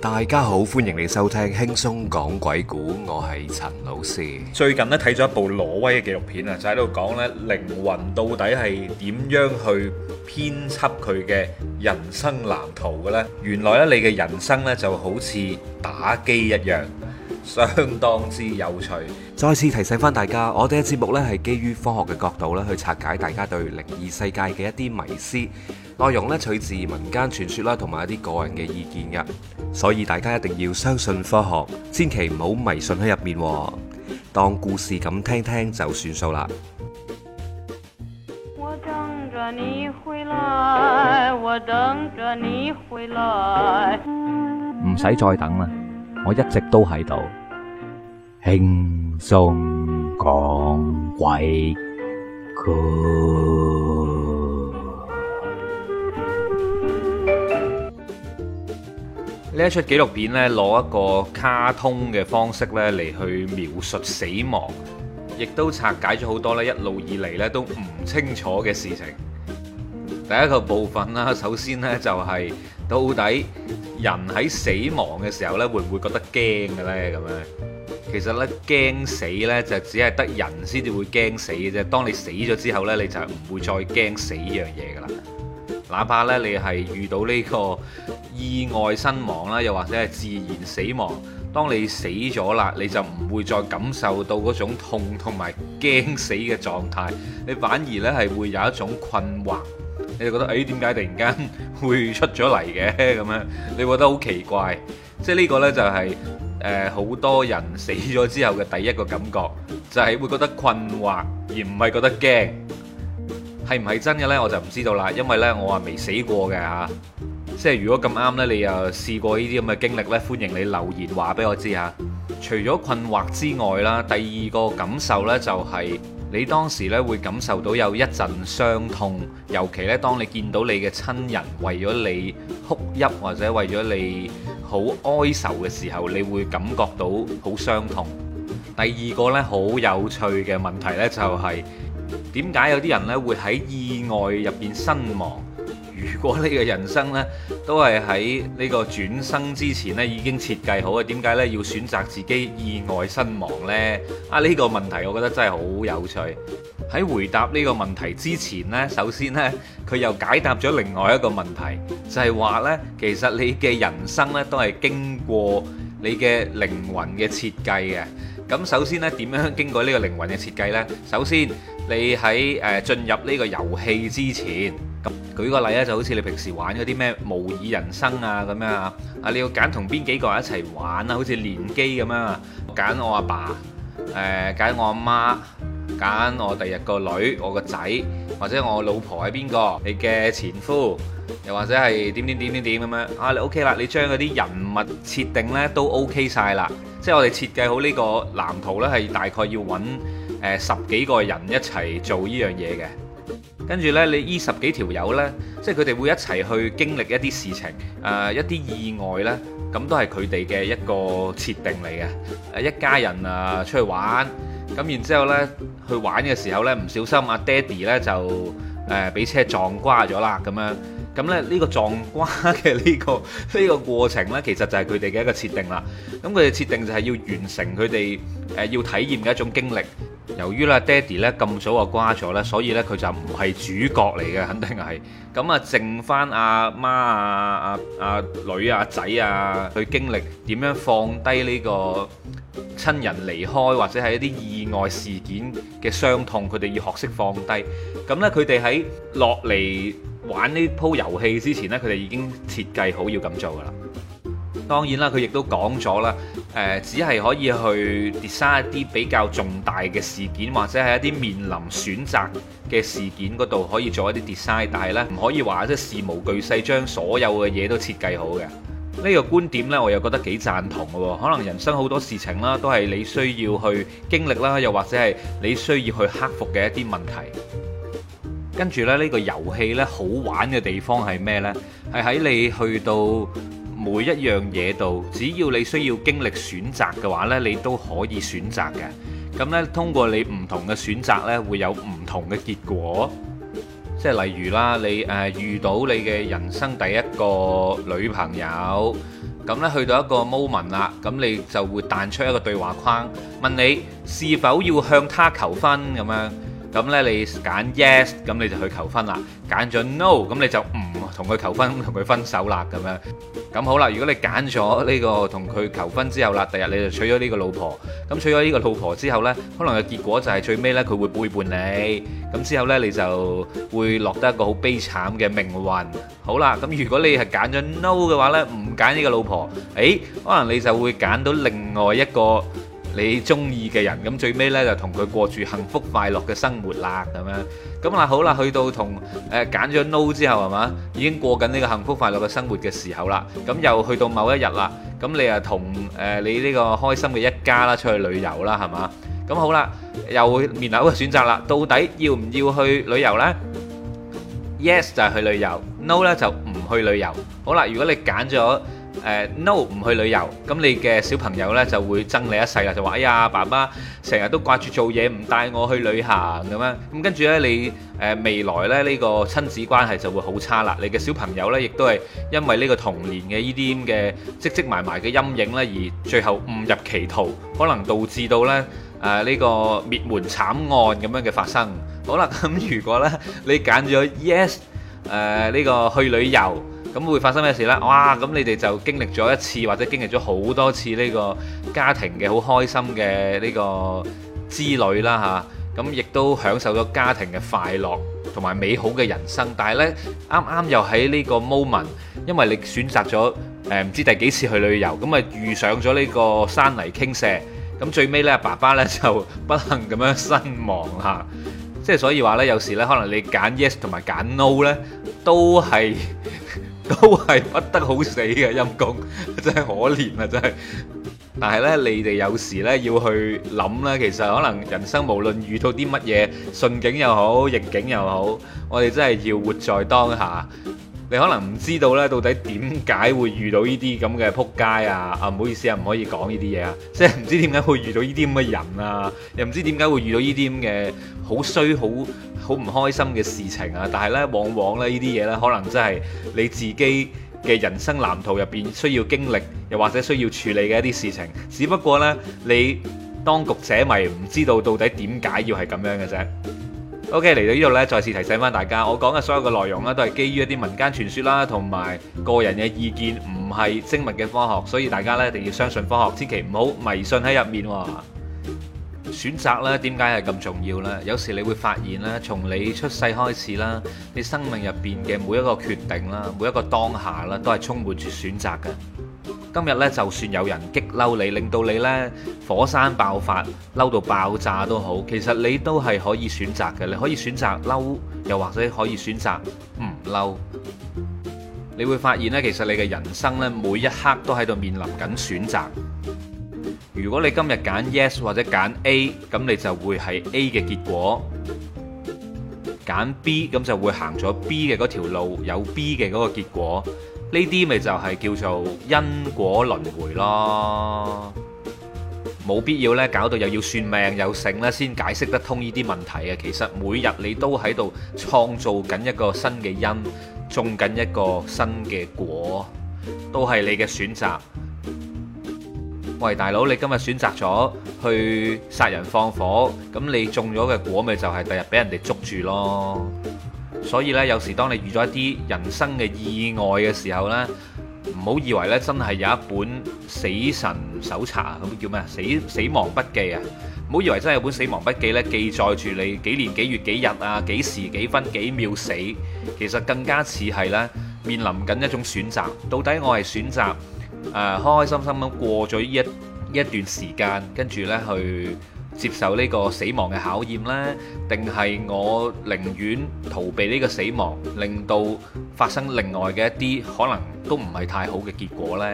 大家好，歡迎你收聽輕鬆講鬼故，我係陳老師。最近呢睇咗一部挪威嘅紀錄片啊，就喺度講呢靈魂到底係點樣去編輯佢嘅人生藍圖嘅呢？原來咧你嘅人生呢就好似打機一樣，相當之有趣。再次提醒翻大家，我哋嘅節目呢係基於科學嘅角度呢去拆解大家對靈異世界嘅一啲迷思。內容咧取自民間傳說啦，同埋一啲個人嘅意見嘅，所以大家一定要相信科學，千祈唔好迷信喺入面，當故事咁聽聽就算數啦。我等着你回來，我等着你回來，唔使再等啦，我一直都喺度，輕鬆講鬼故。呢一出紀錄片咧，攞一個卡通嘅方式咧嚟去描述死亡，亦都拆解咗好多咧一路以嚟咧都唔清楚嘅事情。第一個部分啦，首先咧就係到底人喺死亡嘅時候咧，會唔會覺得驚嘅咧？咁樣其實咧驚死咧就只係得人先至會驚死嘅啫。當你死咗之後咧，你就唔會再驚死呢樣嘢噶啦。哪怕咧你係遇到呢個意外身亡啦，又或者係自然死亡，當你死咗啦，你就唔會再感受到嗰種痛同埋驚死嘅狀態，你反而咧係會有一種困惑，你就覺得誒點解突然間會出咗嚟嘅咁樣？你覺得好奇怪，即係呢個呢、就係，就係誒好多人死咗之後嘅第一個感覺，就係、係、會覺得困惑而唔係覺得驚。係唔係真嘅呢？我就唔知道啦，因為呢，我話未死過嘅吓、啊，即係如果咁啱呢，你又試過呢啲咁嘅經歷呢？歡迎你留言話俾我知吓、啊。除咗困惑之外啦，第二個感受呢，就係、是、你當時呢會感受到有一陣傷痛，尤其呢，當你見到你嘅親人為咗你哭泣或者為咗你好哀愁嘅時候，你會感覺到好傷痛。第二個呢，好有趣嘅問題呢，就係、是。點解有啲人咧，會喺意外入邊身亡？如果你嘅人生咧，都係喺呢個轉生之前咧已經設計好嘅，點解咧要選擇自己意外身亡呢？啊呢個問題我覺得真係好有趣。喺回答呢個問題之前咧，首先咧佢又解答咗另外一個問題，就係話咧，其實你嘅人生咧都係經過你嘅靈魂嘅設計嘅。咁首先呢，點樣經過呢個靈魂嘅設計呢？首先，你喺誒進入呢個遊戲之前，咁舉個例咧，就好似你平時玩嗰啲咩模擬人生啊咁樣啊，啊你要揀同邊幾個人一齊玩啊，好似連機咁樣啊，揀我阿爸，爸，誒、呃、揀我阿媽，揀我第日個女，我個仔，或者我老婆係邊個？你嘅前夫，又或者係點點點點點咁樣啊？你 OK 啦，你將嗰啲人物設定呢都 OK 晒啦。即係我哋設計好呢個藍圖呢係大概要揾誒、呃、十幾個人一齊做呢樣嘢嘅。跟住呢，你依十幾條友呢，即係佢哋會一齊去經歷一啲事情，誒、呃、一啲意外呢，咁都係佢哋嘅一個設定嚟嘅。誒一家人啊出去玩，咁然之後呢，去玩嘅時候呢，唔小心阿、啊、爹哋呢就誒俾、呃、車撞瓜咗啦，咁樣。咁咧呢個撞瓜嘅呢個呢個過程呢，其實就係佢哋嘅一個設定啦。咁佢哋設定就係要完成佢哋誒要體驗嘅一種經歷。由於咧爹哋呢咁早啊瓜咗呢，所以呢，佢就唔係主角嚟嘅，肯定係。咁啊，剩翻阿媽啊阿、啊、女啊仔啊去經歷點樣放低呢個親人離開或者係一啲意外事件嘅傷痛，佢哋要學識放低。咁呢，佢哋喺落嚟玩呢鋪遊戲之前呢，佢哋已經設計好要咁做噶啦。當然啦，佢亦都講咗啦，誒、呃，只係可以去 design 一啲比較重大嘅事件，或者係一啲面臨選擇嘅事件嗰度可以做一啲 design，但係呢，唔可以話即事無巨細將所有嘅嘢都設計好嘅。呢、呢個觀點呢，我又覺得幾贊同嘅喎。可能人生好多事情啦，都係你需要去經歷啦，又或者係你需要去克服嘅一啲問題。跟住呢，呢個遊戲呢好玩嘅地方係咩呢？係喺你去到每一樣嘢度，只要你需要經歷選擇嘅話呢，你都可以選擇嘅。咁呢，通過你唔同嘅選擇呢，會有唔同嘅結果。即係例如啦，你誒遇到你嘅人生第一個女朋友，咁呢去到一個 moment 啦，咁你就會彈出一個對話框，問你是否要向她求婚咁樣。咁咧，你揀 yes，咁你就去求婚啦；揀咗 no，咁你就唔同佢求婚，同佢分手啦。咁樣，咁好啦。如果你揀咗呢個同佢求婚之後啦，第日你就娶咗呢個老婆。咁娶咗呢個老婆之後咧，可能嘅結果就係最尾咧佢會背叛你。咁之後咧你就會落得一個好悲慘嘅命運。好啦，咁如果你係揀咗 no 嘅話咧，唔揀呢個老婆，誒，可能你就會揀到另外一個。你中意嘅人，咁最尾咧就同佢過住幸福快樂嘅生活啦，咁樣。咁啊好啦，去到同誒揀咗 no 之後係嘛，已經過緊呢個幸福快樂嘅生活嘅時候啦。咁又去到某一日啦，咁你啊同誒你呢個開心嘅一家啦出去旅遊啦係嘛？咁好啦，又會面臨一個選擇啦，到底要唔要去旅遊咧？Yes 就係去旅遊，no 咧就唔去旅遊。好啦，如果你揀咗。誒 no 唔去旅遊，咁你嘅小朋友呢就會憎你一世啦，就話哎呀爸爸成日都掛住做嘢，唔帶我去旅行咁樣，咁跟住呢你誒未來呢呢個親子關係就會好差啦，你嘅小朋友呢亦都係因為呢個童年嘅呢啲咁嘅積積埋埋嘅陰影呢，而最後誤入歧途，可能導致到呢誒呢個滅門慘案咁樣嘅發生。好啦，咁如果呢你揀咗 yes，誒呢個去旅遊。咁會發生咩事呢？哇！咁你哋就經歷咗一次，或者經歷咗好多次呢、這個家庭嘅好開心嘅呢、這個之旅啦吓，咁、啊、亦、啊、都享受咗家庭嘅快樂同埋美好嘅人生。但係呢，啱啱又喺呢個 moment，因為你選擇咗誒唔知第幾次去旅遊，咁、嗯、啊遇上咗呢個山泥傾瀉，咁、啊、最尾呢，爸爸呢就不幸咁樣身亡吓、啊，即係所以話呢，有時呢，可能你揀 yes 同埋揀 no 呢，都係。都係不得好死嘅陰功，真係可憐啊！真係，但係呢，你哋有時呢要去諗呢。其實可能人生無論遇到啲乜嘢，順境又好，逆境又好，我哋真係要活在當下。你可能唔知道呢，到底點解會遇到呢啲咁嘅仆街啊？啊，唔好意思啊，唔可以講呢啲嘢啊，即係唔知點解會遇到呢啲咁嘅人啊，又唔知點解會遇到呢啲咁嘅好衰、好好唔開心嘅事情啊。但係呢，往往呢呢啲嘢呢，可能真係你自己嘅人生藍圖入邊需要經歷，又或者需要處理嘅一啲事情。只不過呢，你當局者迷，唔知道到底點解要係咁樣嘅啫。O.K. 嚟到呢度呢，再次提醒翻大家，我講嘅所有嘅內容咧，都係基於一啲民間傳說啦，同埋個人嘅意見，唔係精密嘅科學，所以大家咧一定要相信科學，千祈唔好迷信喺入面。選擇呢，點解係咁重要呢？有時你會發現呢，從你出世開始啦，你生命入邊嘅每一個決定啦，每一個當下啦，都係充滿住選擇嘅。今日咧，就算有人激嬲你，令到你呢火山爆發、嬲到爆炸都好，其實你都係可以選擇嘅。你可以選擇嬲，又或者可以選擇唔嬲。你會發現呢，其實你嘅人生呢，每一刻都喺度面臨緊選擇。如果你今日揀 yes 或者揀 A，咁你就會係 A 嘅結果；揀 B 咁就會行咗 B 嘅嗰條路，有 B 嘅嗰個結果。呢啲咪就係叫做因果輪迴咯，冇必要咧搞到又要算命又剩啦。先解釋得通呢啲問題嘅。其實每日你都喺度創造緊一個新嘅因，種緊一個新嘅果，都係你嘅選擇。喂，大佬，你今日選擇咗去殺人放火，咁你種咗嘅果咪就係第日俾人哋捉住咯。所以咧，有時當你遇到一啲人生嘅意外嘅時候呢，唔好以為呢真係有一本死神手冊咁叫咩啊？死死亡筆記啊！唔好以為真係有本死亡筆記呢，記載住你幾年幾月幾日啊、幾時幾分幾秒死，其實更加似係呢，面臨緊一種選擇，到底我係選擇誒開、呃、開心心咁過咗呢一一段時間，跟住呢去，接受呢個死亡嘅考驗咧，定係我寧願逃避呢個死亡，令到發生另外嘅一啲可能都唔係太好嘅結果呢？